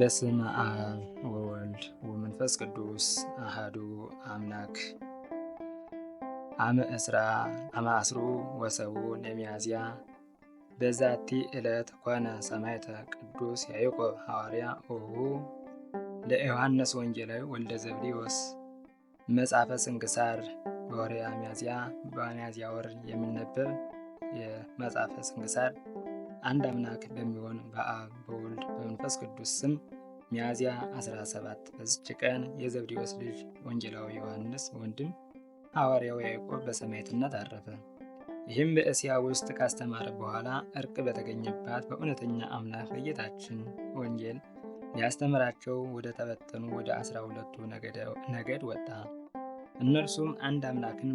በስም አብ ወወልድ ወመንፈስ ቅዱስ አህዱ አምላክ አመ እስራ አማስሩ ወሰቡ ለሚያዝያ በዛቲ ዕለት ኮነ ሰማዕተ ቅዱስ ያዕቆብ ሐዋርያ ወሁ ለዮሐንስ ወንጌላዊ ወልደ ዘብዴዎስ። መጽሐፈ ስንክሳር በወርሃ ሚያዝያ በሚያዝያ ወር የሚነበብ የመጽሐፈ ስንክሳር አንድ አምላክ በሚሆን በአብ በወልድ በመንፈስ ቅዱስ ስም ሚያዝያ 17 በዚች ቀን የዘብዴዎስ ልጅ ወንጌላዊ ዮሐንስ ወንድም ሐዋርያው ያዕቆብ በሰማዕትነት አረፈ። ይህም በእስያ ውስጥ ካስተማረ በኋላ እርቅ በተገኘባት በእውነተኛ አምላክ በጌታችን ወንጌል ሊያስተምራቸው ወደ ተበተኑ ወደ አስራ ሁለቱ ነገድ ወጣ። እነርሱም አንድ አምላክን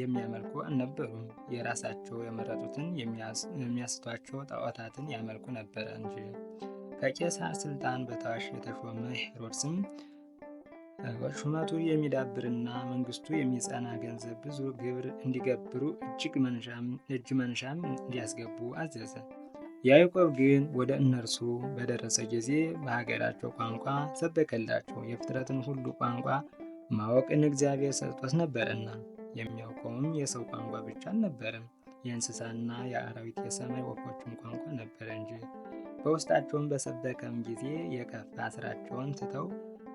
የሚያመልኩ አልነበሩም። የራሳቸው የመረጡትን የሚያስቷቸው ጣዖታትን ያመልኩ ነበረ እንጂ። ከቄሳር ስልጣን በታች የተሾመ ሄሮድስም ሹመቱ የሚዳብርና መንግስቱ የሚጸና ገንዘብ ብዙ ግብር እንዲገብሩ እጅ መንሻም እንዲያስገቡ አዘዘ። ያዕቆብ ግን ወደ እነርሱ በደረሰ ጊዜ በሀገራቸው ቋንቋ ሰበከላቸው። የፍጥረትን ሁሉ ቋንቋ ማወቅን እግዚአብሔር ሰጥቶት ነበርና የሚያውቀውም የሰው ቋንቋ ብቻ አልነበረም፣ የእንስሳና የአራዊት የሰማይ ወፎችን ቋንቋ ነበር እንጂ። በውስጣቸውም በሰበከም ጊዜ የከፋ ስራቸውን ትተው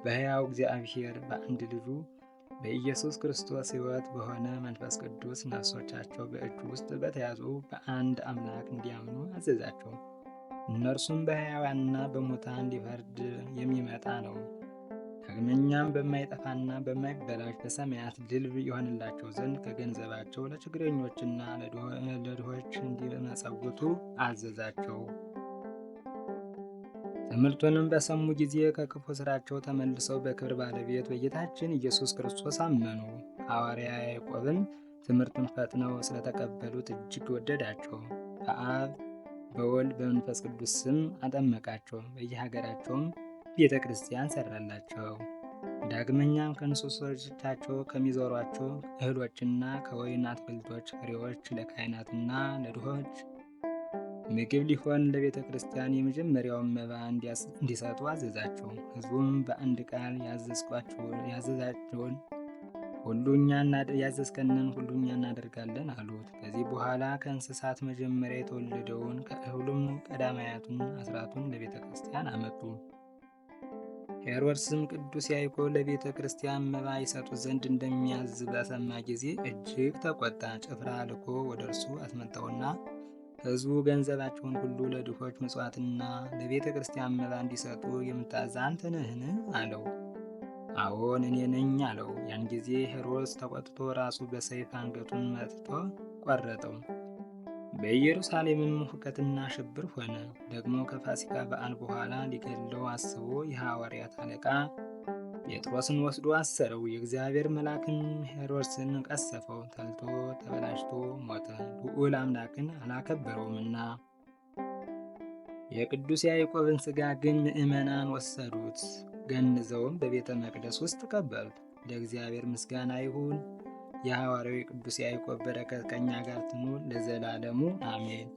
በሕያው እግዚአብሔር በአንድ ልጁ በኢየሱስ ክርስቶስ ሕይወት በሆነ መንፈስ ቅዱስ ነፍሶቻቸው በእጁ ውስጥ በተያዙ በአንድ አምላክ እንዲያምኑ አዘዛቸው። እነርሱም በሕያዋንና በሙታን ሊፈርድ የሚመጣ ነው። ዳግመኛም በማይጠፋና በማይበላሽ በሰማያት ድል የሆንላቸው ዘንድ ከገንዘባቸው ለችግረኞችና ለድሆች እንዲመጸውቱ አዘዛቸው። ትምህርቱንም በሰሙ ጊዜ ከክፉ ስራቸው ተመልሰው በክብር ባለቤት በጌታችን ኢየሱስ ክርስቶስ አመኑ። ሐዋርያ ያዕቆብም ትምህርቱን ፈጥነው ስለተቀበሉት እጅግ ወደዳቸው። በአብ በወልድ በመንፈስ ቅዱስ ስም አጠመቃቸው። በየሀገራቸውም ቤተ ክርስቲያን ሰራላቸው። ዳግመኛም ከእንስሶቻቸው ከሚዞሯቸው እህሎችና ከወይን አትክልቶች ፍሬዎች ለካህናትና ለድሆች ምግብ ሊሆን ለቤተ ክርስቲያን የመጀመሪያውን መባ እንዲሰጡ አዘዛቸው። ሕዝቡም በአንድ ቃል ያዘዛቸውን ሁሉ ያዘዝከንን ሁሉ እኛ እናደርጋለን አሉት። ከዚህ በኋላ ከእንስሳት መጀመሪያ የተወለደውን ከእህሉም ቀዳማያቱን አስራቱን ለቤተ ክርስቲያን አመጡ። ሄሮድስም ቅዱስ ያይኮ ለቤተ ክርስቲያን መባ ይሰጡ ዘንድ እንደሚያዝ በሰማ ጊዜ እጅግ ተቆጣ። ጭፍራ ልኮ ወደ እርሱ አስመጣውና ሕዝቡ ገንዘባቸውን ሁሉ ለድሆች ምጽዋትና ለቤተ ክርስቲያን መባ እንዲሰጡ የምታዝ አንተ ነህን? አለው። አዎን እኔ ነኝ አለው። ያን ጊዜ ሄሮድስ ተቆጥቶ ራሱ በሰይፍ አንገቱን መጥቶ ቆረጠው። በኢየሩሳሌምም ሁከትና ሽብር ሆነ። ደግሞ ከፋሲካ በዓል በኋላ ሊገድለው አስቦ የሐዋርያት አለቃ ጴጥሮስን ወስዶ አሰረው። የእግዚአብሔር መልአክም ሄሮድስን ቀሰፈው፣ ተልቶ ተበላሽቶ ሞተ፣ ልዑል አምላክን አላከበረውምና። የቅዱስ ያዕቆብን ሥጋ ግን ምእመናን ወሰዱት፣ ገንዘውም በቤተ መቅደስ ውስጥ ቀበሩት። ለእግዚአብሔር ምስጋና ይሁን። የሐዋርያው የቅዱስ ያዕቆብ በረከት ከእኛ ጋር ትኑር ለዘላለሙ አሜን።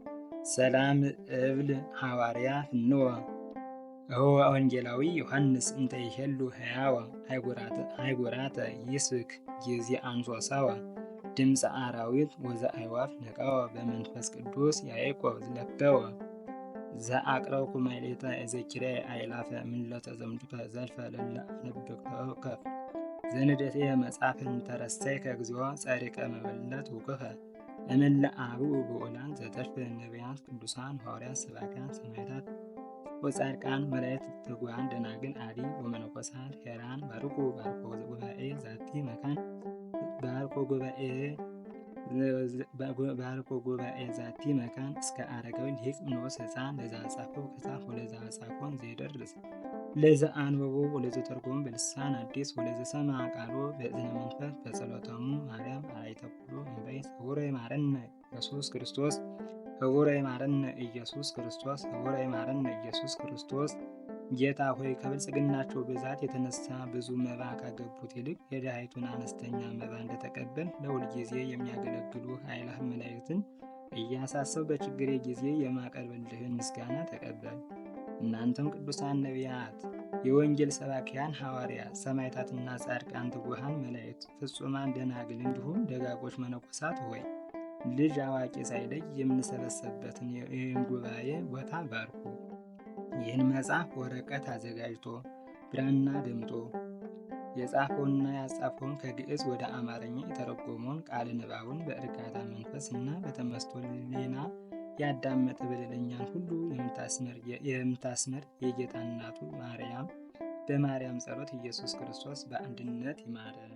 ሰላም እብል ሐዋርያ ፍንወ እሆ ወንጌላዊ ዮሐንስ እንተ ይሄሉ ሕያወ ሃይጎራተ ይስክ ጊዜ አንሶሳወ ድምፀ አራዊት ወዘ አይዋፍ ነቃወ በመንፈስ ቅዱስ ያዕቆብ ዝለበወ ዘአቅረብኩ ማሕሌተ ዘኪርየ አይላፈ ምለተ ዘምድፈ ዘልፈ ለለ ከፍ ዘንደቴየ መጽሐፍን ተረሰይ ከእግዚኦ ጸሪቀ መበለት ውክፈ እምለ አብኡ ብኡላን ዘተርፍእ ነቢያት ቅዱሳን ሐዋርያት ሰባክያን ሰማዕታት ወጻድቃን መላእክት ትጉሃን ደናግል አዲ ወመነኮሳት ሄራን ባርኩ ባርኮ ጉባኤ ዛቲ መካን ባርኮ ጉባኤ ባልኮ ጉባኤ ዛቲ መካን እስከ አረጋዊ ሊቅ ንዑስ ህፃን ለዛ ጻፈው ከጻፍ ወለዛ ጻፎን ዘይደርስ ለዘ አንበቦ ወለዘ ተርጎም በልሳን አዲስ ወለዘ ሰማ ቃሎ በእዝነ መንፈስ በጸሎታሙ ማርያም አይተኩሎ እንበይ ህቡረ ማረነ ኢየሱስ ክርስቶስ ህቡረ ማረነ ኢየሱስ ክርስቶስ ህቡረ ማረነ ኢየሱስ ክርስቶስ ጌታ ሆይ ከብልጽግናቸው ብዛት የተነሳ ብዙ መባ ካገቡት ይልቅ የድሃይቱን አነስተኛ መባ እንደተቀበል ለሁልጊዜ የሚያገለግሉ ኃይላህ መላእክትን እያሳሰብ በችግሬ ጊዜ የማቀርብልህን ምስጋና ተቀበል። እናንተም ቅዱሳን ነቢያት፣ የወንጌል ሰባኪያን ሐዋርያ፣ ሰማዕታትና ጻድቃን፣ ትጉሃን መላእክት፣ ፍጹማን ደናግል እንዲሁም ደጋጎች መነኮሳት ሆይ ልጅ አዋቂ ሳይለይ የምንሰበሰብበትን ይህን ጉባኤ ቦታ ባርኩ። ይህን መጽሐፍ ወረቀት አዘጋጅቶ ብራና ደምጦ የጻፈውንና ያጻፈውን ከግዕዝ ወደ አማርኛ የተረጎመውን ቃለ ንባቡን በእርጋታ መንፈስ እና በተመስቶ ሌና ያዳመጠ በደለኛን ሁሉ የምታስምር የጌታ እናቱ ማርያም በማርያም ጸሎት ኢየሱስ ክርስቶስ በአንድነት ይማረን።